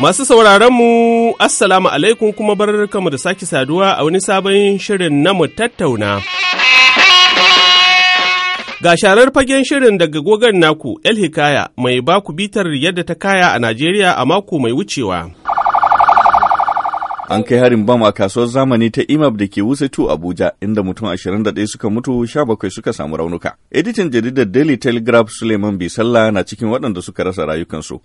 Masu sauraron mu Assalamu alaikum kuma bar kamu da sake saduwa a wani sabon shirin na mu tattauna. Ga sharar fagen shirin daga gogon naku El Hikaya mai baku bitar yadda ta kaya a Najeriya a mako mai wucewa. An kai harin bam a kasuwar zamani ta Imab da ke Wusatu Abuja inda mutum 21 suka mutu 17 suka samu raunuka. Editan jaridar Daily Telegraph Suleiman Bisalla na cikin waɗanda suka rasa rayukansu.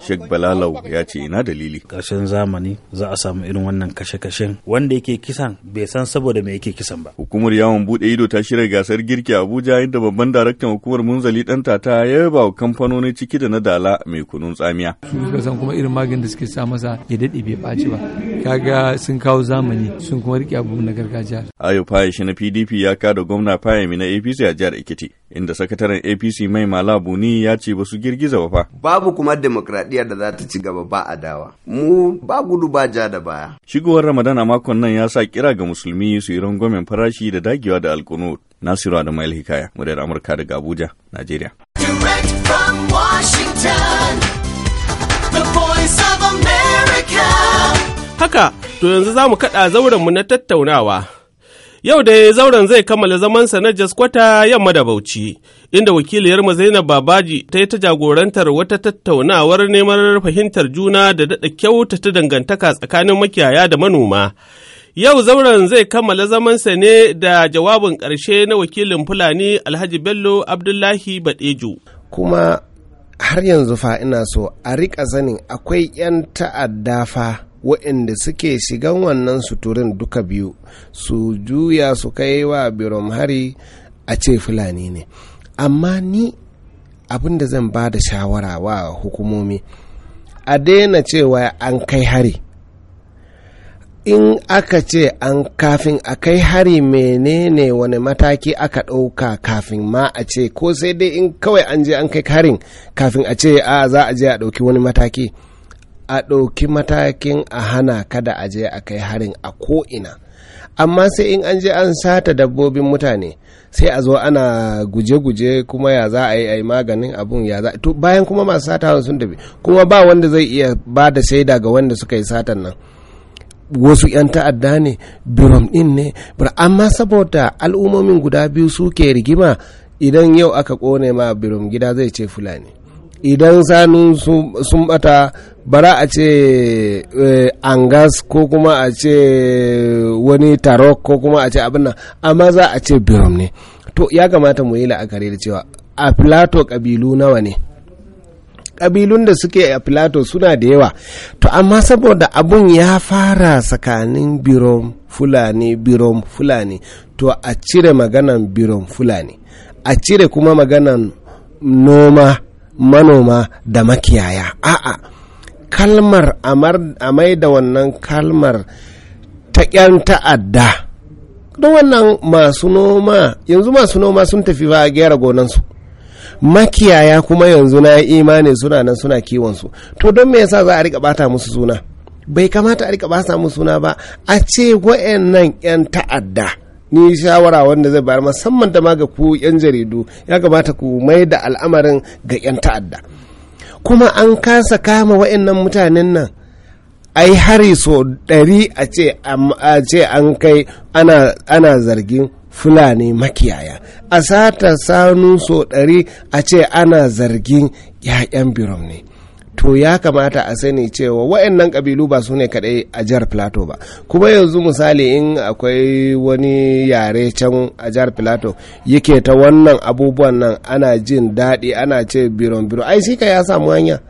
Shek Balalau ya ce ina dalili. Ƙarshen zamani za a samu irin wannan kashe-kashen wanda yake kisan bai san saboda mai yake kisan ba. Hukumar yawon buɗe ido ta shirya gasar girki Abuja inda babban daraktan hukumar Munzali ɗanta ta yaba wa kamfanoni ciki da na dala mai kunun tsamiya su suka san kuma irin magani da suke sa masa ya daɗe bai ɓaci ba kaga sun kawo zamani sun kuma rike abubuwan na gargajiya ayo faye shi na pdp ya kada gwamna fayami na apc a jihar ekiti inda sakataren apc mai mala buni ya ce ba su girgiza ba fa babu kuma demokradiyyar da za ta ci gaba ba a dawa mu ba gudu ba ja da baya shigowar ramadan a makon nan ya sa kira ga musulmi su yi rangwamen farashi da dagewa da alkunut nasiru da mail hikaya muryar amurka daga abuja najeriya Haka, to yanzu za mu kaɗa zaurenmu na tattaunawa. Yau dai zauren zai kammala zamansa na jaskwata yamma da Bauchi, inda wakiliyarmu Zainab Babaji ta yi ta jagorantar wata tattaunawar neman fahimtar juna da daɗa kyautata dangantaka tsakanin makiyaya da manoma. Yau zauren zai kammala zamansa ne da jawabin ƙarshe na wakilin Fulani Alhaji Bello Abdullahi baɗeju Kuma har yanzu fa ina so a rika zanin akwai 'yan ta'adda fa waɗanda suke shigan wannan suturin duka biyu su juya su kai wa birom hari a ce fulani ne amma ni abin da zan ba da shawara wa hukumomi a daina cewa an kai hari in aka ce an kafin a kai hari menene wani mataki aka ɗauka kafin ma a ce ko sai dai in kawai an je an kai harin kafin a ce a za a je a ɗauki wani mataki a ɗauki matakin a hana kada a je a kai harin a ko'ina amma sai in an je an sata dabbobin mutane sai a zo ana guje-guje kuma ya za a yi a yi maganin abun ya za to bayan kuma masu sata sun tafi kuma ba wanda zai iya ba da shaida ga wanda suka yi satan nan wasu 'yan ta'adda ne birom din ne amma saboda al'ummomin guda biyu suke rigima idan yau aka kone ma birom gida zai ce fulani idan sanu sun bata bara a ce eh, angas ko kuma a ce eh, wani tarok ko kuma a ce abin amma za a ce birom ne to ya kamata mu yi la'akari da cewa a plato kabilu nawa ne kabilun da suke a filato suna da yawa to amma saboda abun ya fara tsakanin biron fulani biron fulani to a cire maganan biron fulani a cire kuma maganan noma manoma da makiyaya a'a kalmar a mai da wannan kalmar ta 'yan ta'adda don wannan masu noma yanzu masu noma sun tafi ba a gyara gonansu makiyaya kuma yanzu na yi imani suna nan suna kiwon su to don me yasa za a rika bata musu suna bai kamata a rika basa musu suna ba a ce wayannan yan ta'adda ni shawara wanda zai bayar musamman da ma ga ku yan jaridu ya kamata ku mai da al'amarin ga yan ta'adda kuma an kasa kama wayannan mutanen nan ai hari so ɗari a ce an kai ana zargin fulani makiyaya a sata sanu so ɗari a ce ana zargin 'ya'yan birom ne to ya kamata a sani cewa waɗannan kabilu ba su ne kaɗai a jihar plateau ba kuma yanzu misali in akwai wani yare can a jihar plateau yake ta wannan abubuwan nan ana jin daɗi ana ce biron biron ai shi ka ya samu hanya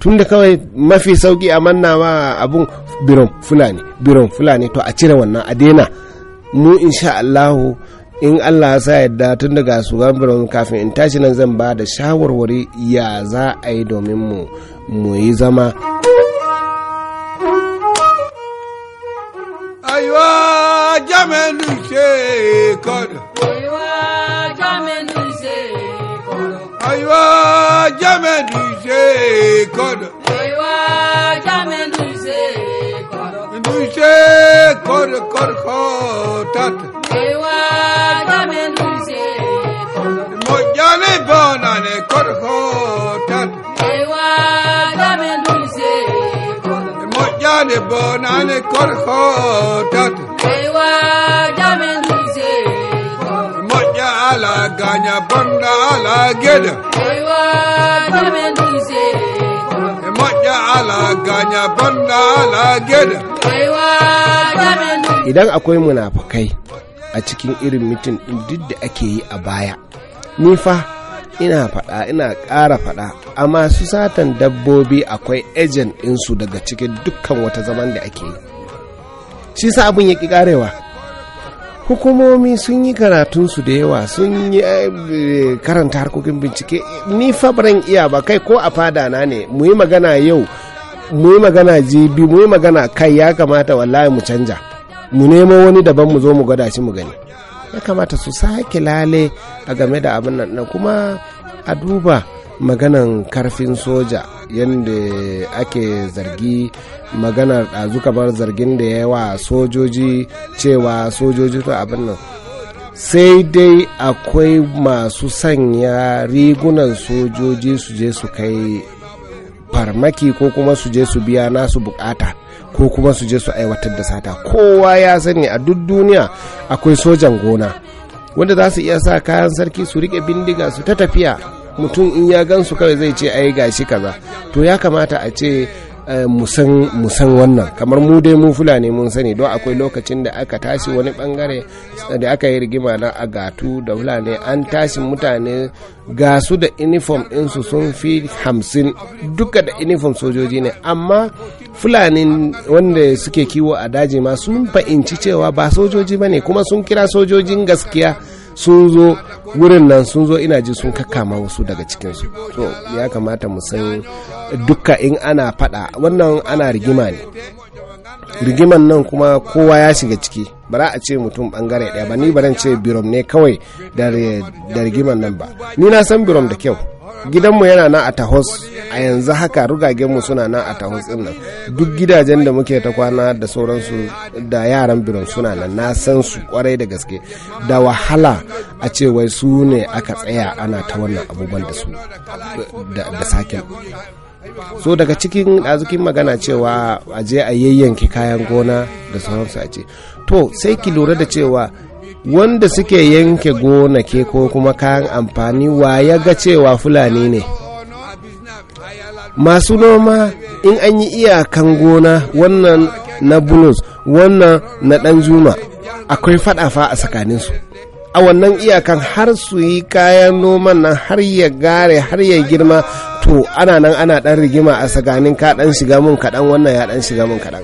tun da kawai mafi sauki a manna ma abun biron fulani biron fulani to a cire wannan a daina mu insha Allahu in Allah ya sa yadda tun daga su gambarin kafin in tashi nan zan ba da shawarwari ya za a yi domin mu mu yi zama ayuwa jamenu se kodo aiwa jamenu se kodo aiwa jamenu se kodo aiwa jamenu se kodo kor kor khotat ewa gamen ruze mojane banane kor khotat ewa gamen ruze mojane banane kor khotat ewa gamen Moja ala ganya bonda ala geda ewa gamen ganya banda Idan akwai munafukai a cikin irin mitin duk da ake yi a baya, ni fa ina faɗa ina ƙara faɗa a masu satan dabbobi akwai ejen su daga cikin dukkan wata zaman da ake yi. Shi sa abin ya ƙi ƙarewa. hukumomi sun yi karatunsu da yawa sun yi eh, karanta harkokin bincike ni fa iya ba kai ko a fada na ne mu yi magana yau mu yi magana jibi mu yi magana kai ya kamata wallahi mu canja mu nemo wani daban mu zo mu gwada shi mu gani ya kamata su sake lale a game da abin nan kuma a duba maganan karfin soja yadda ake zargi maganar ɗazu kamar zargin da ya wa sojoji cewa sojoji to abin nan sai dai akwai masu sanya rigunan sojoji su je su kai farmaki ko kuma su je su biya nasu bukata ko kuma su je su aiwatar da sata kowa ya sani a duk duniya akwai sojan gona wanda za su iya sa kayan sarki su rike bindiga su ta tafiya mutum in ya gan su kawai zai ce ai gashi kaza to ya kamata a ce Eh, musan wannan kamar mu dai mu fulani mun sani don akwai lokacin da aka tashi wani bangare da aka yi rigima na agatu da fulani an tashi mutane gasu da uniform ɗinsu sun fi hamsin duka da uniform sojoji ne amma fulani wanda suke kiwo a daji ma sun fahimci cewa ba sojoji ba ne kuma sun kira sojojin gaskiya sun zo wurin nan sun zo ina ji sun kakkama wasu daga cikinsu so ya kamata mu san dukka in ana fada wannan ana rigima ne rigiman nan kuma kowa ya shiga ciki ba za a ce mutum bangare daya ba ni ba ce birom ne kawai da rigiman nan ba ni na san birom da kyau gidanmu yana na a tahos a yanzu haka rugagenmu suna nan a taho nan duk gidajen da muke ta kwana da sauransu da yaran birnin suna nan na san su kwarai da gaske da wahala a ce wai su ne aka tsaya ana ta wannan abubuwan da su da sake. so daga cikin ɗazukin magana cewa a je a yayyanki kayan gona da sauransu a ce to sai ki lura da cewa wanda suke yanke gonake ko kuma kayan amfani wa ya ga cewa fulani ne masu noma in an yi iyakan gona wannan na bulus wannan na ɗan juma akwai faɗafa a tsakaninsu a wannan iyakan har su yi kayan noman nan har ya gare har ya girma to ana nan ana ɗan rigima a tsakanin ka ɗan shiga mun kaɗan wannan ya ɗan shiga mun kaɗan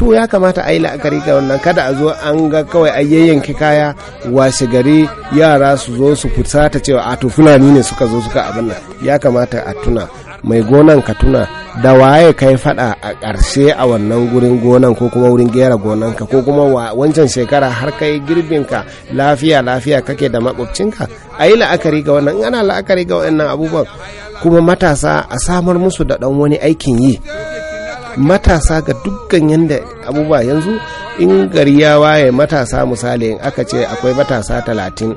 to ya kamata a yi la'akari ga wannan kada a zo an ga kawai a yayyanki kaya washe gari yara su zo su fusata cewa a to fulani ne suka zo suka abin nan ya kamata a tuna mai gonan ka tuna da waye kai fada a ƙarshe a wannan gurin gonan ko kuma wurin gera gonan ka ko kuma wancan shekara har kai girbin ka lafiya lafiya kake da makwabcinka a yi la'akari ga wannan ana la'akari ga wannan abubuwan kuma matasa a samar musu da dan wani aikin yi matasa ga dukkan yadda abubuwa yanzu in gari ya waye matasa misali in aka ce akwai matasa talatin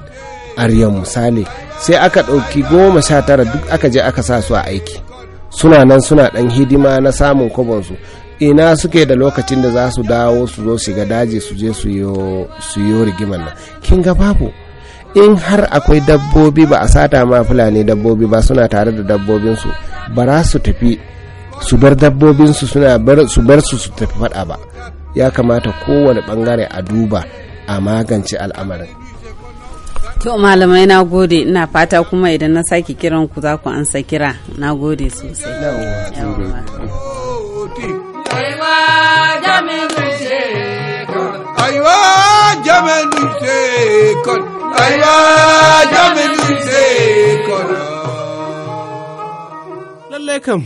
aryan misali sai aka ɗauki goma sha tara duk aka je aka sa su a aiki suna nan suna ɗan hidima na samun su ina suke da lokacin da za su dawo su zo shiga daji su je su yi rigiman nan kin ga babu in har akwai dabbobi ba a sata ma fulani dabbobi ba suna tare da dabbobinsu ba ra su tafi su bar dabbobinsu suna bar su bar su su tafi fada ba ya kamata kowane bangare a duba a magance al'amarin To malamai na gode ina fata kuma idan na sake kiran ku za ku ansa kira na gode sosai. Aiwa aiwa Lallai kam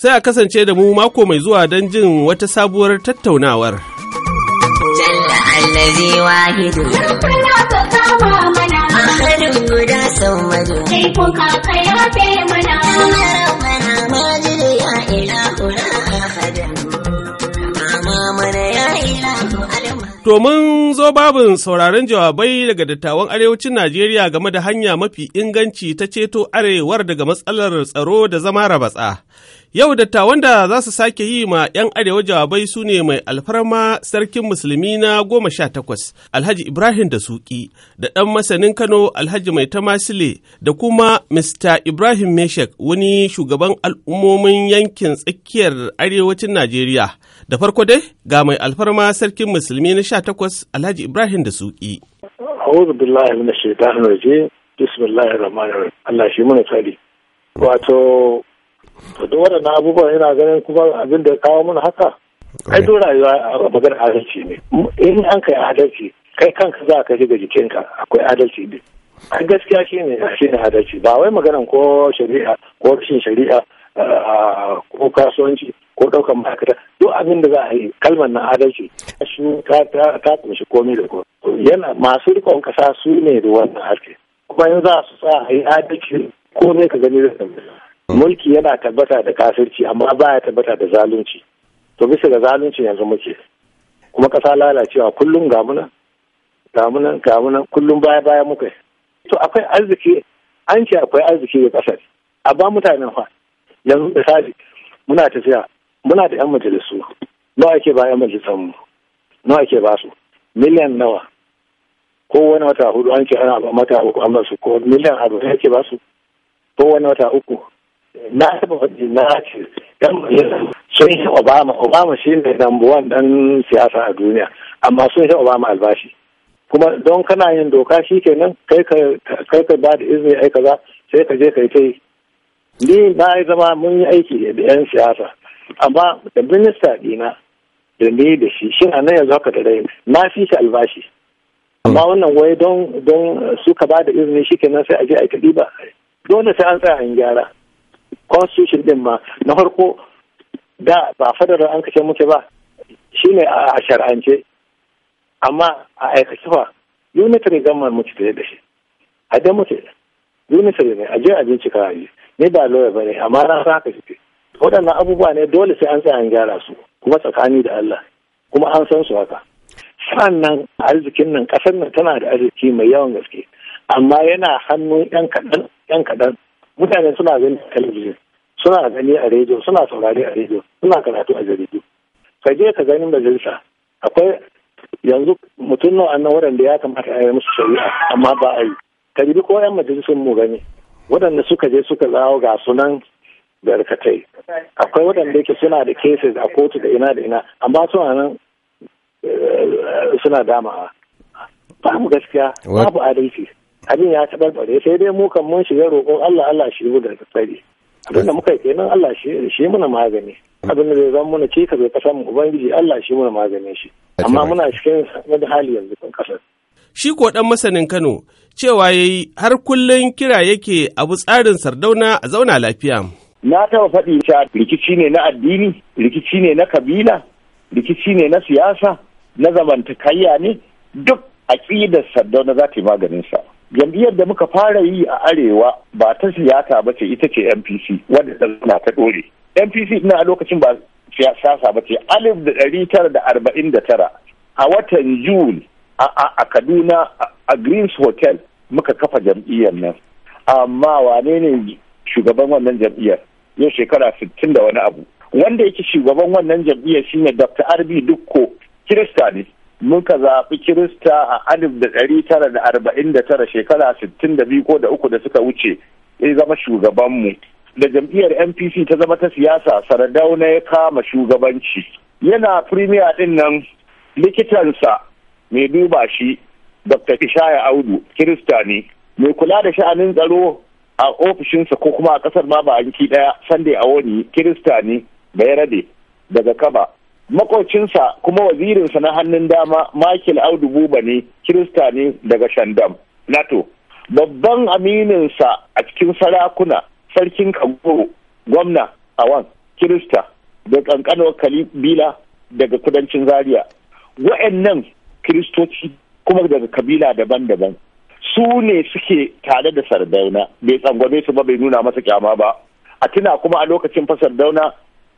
sai a kasance da mu mako mai zuwa don jin wata sabuwar tattaunawar. Jalla zai wahidu. Mutum guda sau madu. Laifin kaka ya fe mana. Ana rabbana majiri ya ilahu na ahadan. mama mana ya ilahu alma. To mun zo babin sauraron jawabai daga dattawan arewacin Najeriya game da hanya mafi inganci ta ceto arewar daga matsalar tsaro da zama rabatsa. Yau dattawan da za su sake yi ma 'yan arewa jawabai su ne mai alfarma sarkin musulmi na goma sha takwas Alhaji Ibrahim da Suki da ɗan masanin Kano Alhaji Mai Tamasile da kuma Mr. Ibrahim Meshek wani shugaban al'ummomin yankin tsakiyar arewacin Najeriya. Da farko dai ga mai alfarma sarkin musulmi na sha takwas Alhaji Ibrahim da Suki. Wato to duk waɗannan abubuwan yana ganin kuma abin da kawo min haka ai duk rayuwa a magana adalci ne in an kai adalci kai kanka za ka shiga jikinka akwai adalci ne ai gaskiya shi ne shi ne adalci ba wai maganan ko shari'a ko rashin shari'a ko kasuwanci ko ɗaukar ma'aikata duk abin da za a yi kalmar na adalci shi ta kunshi komai da komai yana masu rikon kasa su ne da wannan haske kuma in za su sa a yi adalci komai ka gani da mulki yana tabbata da kafirci amma baya tabbata da zalunci to bisa ga zalunci yanzu muke kuma ƙasa lalacewa kullum gamuna gamunan gamunan kullum baya baya muka to akwai arziki an ce akwai arziki ga ƙasar a ba mutanen fa yanzu misali muna tafiya muna da yan majalisu nawa ake ba yan majalisan mu nawa ake ba su miliyan nawa ko wani wata hudu an ce ana ba mata uku an ba su ko miliyan arba'in ake ba su ko wani wata uku na taɓa faɗi na ce yan sun yi obama obama shi ne number one ɗan siyasa a duniya amma sun yi obama albashi kuma don kana yin doka shi kenan kai ka ba da izini ai kaza sai ka je ka yi ta ni na yi zama mun yi aiki da yan siyasa amma da minista ɗina da ni da shi shin a nan yanzu haka da rai na fi shi albashi amma wannan wai don suka ba da izini shi kenan sai a je a yi ta dole sai an tsaya an gyara constitution din ma na farko da ba federal an kashe muke ba shine a shar'ance amma a aikace fa unitary government muke tare da shi a da muke unitary ne a je a bincika yi ni ba lawyer ba ne amma na sa haka shi waɗannan abubuwa ne dole sai an tsaya an gyara su kuma tsakani da Allah kuma an san su haka sannan arzikin nan ƙasar nan tana da arziki mai yawan gaske amma yana hannun yan kaɗan yan kaɗan mutane suna gani a talabijin suna gani a rediyo suna saurari a rediyo suna karatu a jaridu ka je ka gani majalisa akwai yanzu mutum nawa annan waɗanda ya kamata a yi musu shari'a amma ba a yi ka ji ko yan majalisun mu gani waɗanda suka je suka zawo ga sunan barkatai akwai waɗanda yake suna da cases a kotu da ina da ina amma suna nan eh, suna damawa babu gaskiya babu adalci abin ya tabarbare sai dai mu kan mun shiga roƙon Allah Allah shi mu da tsari abin da muka yi kenan Allah shi shi muna magani abin zai zama muna ce ka zai kasa mu ubangiji Allah shi muna magani shi amma muna cikin wani hali yanzu kan kasar shi ko dan masanin Kano cewa yayi har kullum kira yake abu tsarin sardauna a zauna lafiya na taɓa faɗi ta rikici ne na addini rikici ne na kabila rikici ne na siyasa na zamantakayya ne duk aƙidar sardauna za ta yi maganinsa jam'iyyar da muka fara yi a arewa ba ta siyasa ba ce ita ce mpc wadda na ta dore mpc ina a lokacin ba siyasa ba ce alif da ɗari tara da arba'in da tara a watan june a kaduna a greens hotel muka kafa jam'iyyar nan amma wane ne shugaban wannan jam'iyyar yau shekara sittin da wani abu wanda yake shugaban wannan jam'iyyar shine dr rb dukko kirista ne muka zaɓi kirista a alif da ɗari tara da arba'in da tara shekara sittin da biyu ko da uku da suka wuce ya zama shugabanmu da jam'iyyar npc ta zama ta siyasa na ya kama shugabanci yana firimiya ɗin nan likitansa mai duba shi dr ishaya audu kirista ne mai kula da sha'anin tsaro a ofishinsa ko kuma a ƙasar ma ba ɗaya a wani kirista ne bai daga kaba makwacinsa kuma wazirinsa na hannun dama Michael Audu Buba ne Kirista ne daga Shandam NATO babban amininsa a cikin sarakuna sarkin Kagoro gwamna Awan Kirista da ƙanƙanar kabila daga kudancin Zaria wa'annan Kiristoci kuma daga kabila daban-daban su ne suke tare da Sardauna bai tsangwame su ba bai nuna masa kyama ba a tuna kuma a lokacin fa Sardauna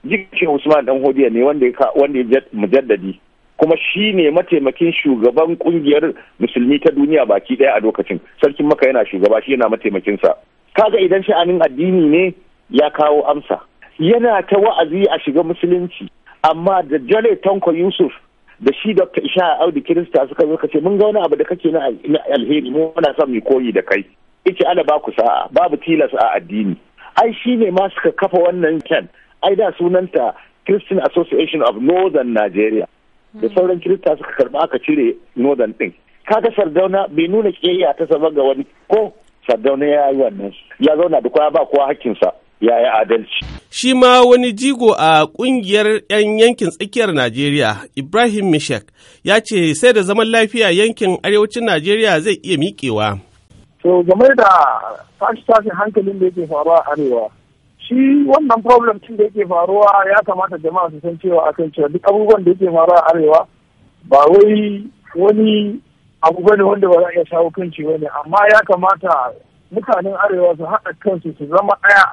jikin usman dan hodiya ne wanda ya wanda ya mujaddadi kuma shi ne mataimakin shugaban kungiyar musulmi ta duniya baki daya a lokacin sarkin maka yana shugaba shi yana mataimakin mataimakinsa kaga idan sha'anin addini ne ya kawo amsa yana ta wa'azi a shiga musulunci amma da jale tanko yusuf da shi dr isha audu kirista suka zo kace mun ga wani abu da kake na alheri mu muna son mu koyi da kai ice ala ba ku sa'a babu tilas a addini ai shi ne ma suka kafa wannan kyan ai da sunanta Christian Association of Northern Nigeria da hmm. sauran kirista suka karba aka cire northern din kaga sardauna bai nuna kiyayya ta saba ga wani ko sardauna ya yi wannan ya zauna da kowa ba kowa hakkinsa ya yi adalci shi ma wani jigo a kungiyar 'yan yankin tsakiyar najeriya ibrahim Mishak ya ce sai da zaman lafiya yankin arewacin najeriya zai iya miƙewa. So, game da tashi tashi hankalin da yake faruwa arewa shi wannan problem tun da yake faruwa ya kamata jama'a su san cewa akan cewa duk abubuwan da yake faruwa a arewa ba wai wani abu bane wanda ba za a iya shawo kan ci bane amma ya kamata mutanen arewa su haɗa kansu su zama ɗaya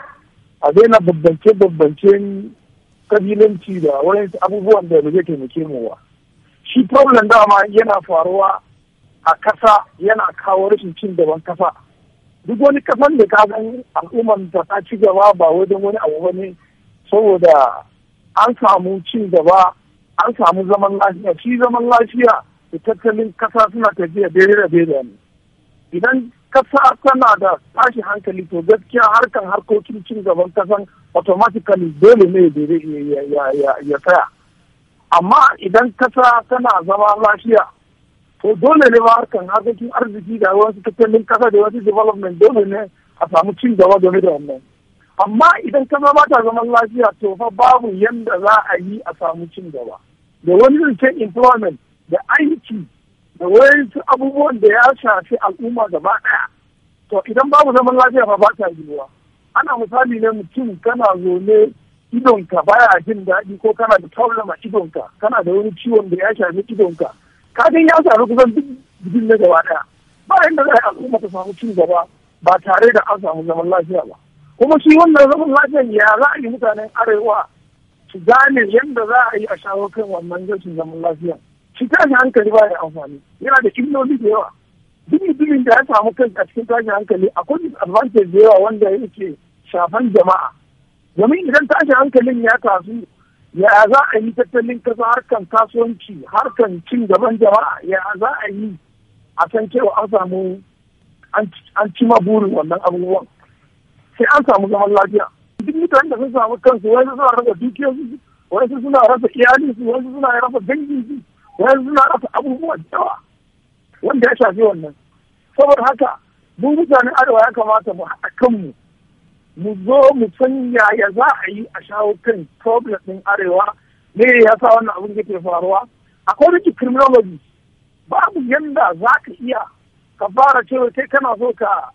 a daina babbance babbancen kabilanci da wani abubuwan da ba zai taimake mu ba shi problem dama yana faruwa a ƙasa yana kawo rashin cin gaban ƙasa. duk wani kasan da ka san al'ummar da ta ci gaba ba wajen wani abu ba ne saboda an samu ci gaba an samu zaman lafiya shi zaman lafiya da tattalin kasa suna tafiya daidai da daidai ne idan kasa tana da tashi hankali to gaskiya harkan harkokin cin gaban kasan automatically dole ne ya tsaya amma idan kasa tana zama lafiya to dole ne ba harkan harkokin arziki da wasu tattalin kasa da wasu development dole ne a samu cin gaba game da wannan amma idan ka zama ta zaman lafiya to fa babu yanda za a yi a samu cin gaba da wani zance employment da aiki da wani abubuwan da ya shafi al'umma gaba daya to idan babu zaman lafiya fa ba ta yiwuwa ana misali ne mutum kana zaune idonka baya jin daɗi ko kana da taulama idonka kana da wani ciwon da ya shafi idonka kafin ya samu kusan duk jikin na gaba daya ba yadda za a al'umma ta samu cin gaba ba tare da an samu zaman lafiya ba kuma shi wannan zaman lafiyan ya za a yi mutanen arewa su gane yadda za a yi a shawo kan wannan rashin zaman lafiya shi tashi hankali ba ya amfani yana da illoli da yawa dubi da ya samu kai a cikin tashin hankali akwai advantage da yawa wanda yake shafan jama'a domin idan tashin hankalin ya tasu ya za a yi tattalin kasa harkan kasuwanci harkan cin gaban jama'a ya za a yi a san cewa an samu an ci burin wannan abubuwan sai an samu zaman lafiya duk mutanen da sun samu kansu wani suna rasa dukiyoyi wani suna rasa iyalinsu wani suna rasa su wani suna rasa abubuwa yawa wanda ya shafi wannan saboda haka mu mutanen arewa ya kamata mu haɗa kanmu mu zo mu san yaya za a yi a shawo kan problem ɗin arewa me ya sa wannan abin yake faruwa according to criminology babu yanda za ka iya ka fara cewa kai kana so ka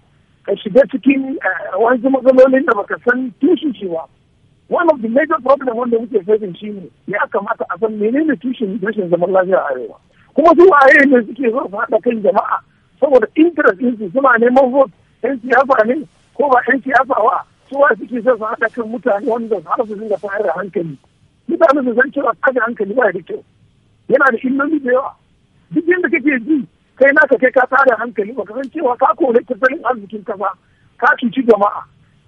ka shiga cikin eh, wani matsalolin da baka san tushen shi ba one of the major problem wanda muke facing shi ne ya kamata a san menene tushen rashin zaman lafiya a arewa kuma su waye ne suke zo su haɗa kan jama'a saboda interest su suna neman vote 'yan siyasa ne ko ba 'yan siyasa wa suwa suke son su haɗa kan mutane wanda har su dinga tayar da hankali mutane su san cewa tashi hankali ba da kyau yana da illoli da yawa duk yadda kake ji kai na ka kai ka da hankali ba ka san cewa ka kore tattalin arzikin kasa ka cuci jama'a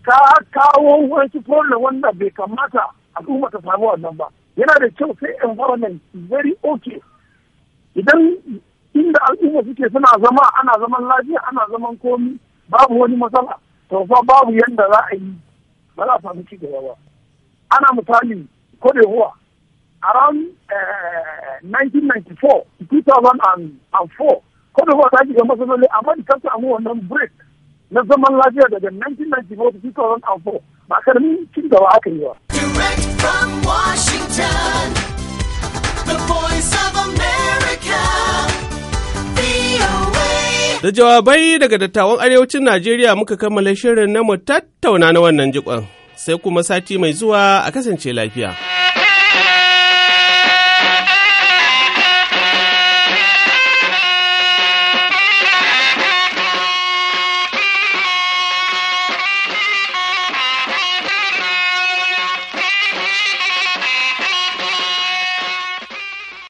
ka kawo wasu problem wanda bai kamata al'umma ta samu wannan ba yana da kyau sai environment very okay idan inda al'umma suke suna zama ana zaman lafiya ana zaman komi babu wani matsala to fa babu yanda za a yi ba za a samu ci gaba ba ana misali ko da huwa around 1994 2004 ko da huwa ta shiga matsaloli amma da ta amu wannan break na zaman lafiya daga 1994 2004 ba karamin ci gaba aka yi ba. Direct from Washington, the voice of America. Da jawabai daga dattawan arewacin Najeriya muka kammala shirin na mu tattauna na wannan jikon, sai kuma sati mai zuwa a kasance lafiya.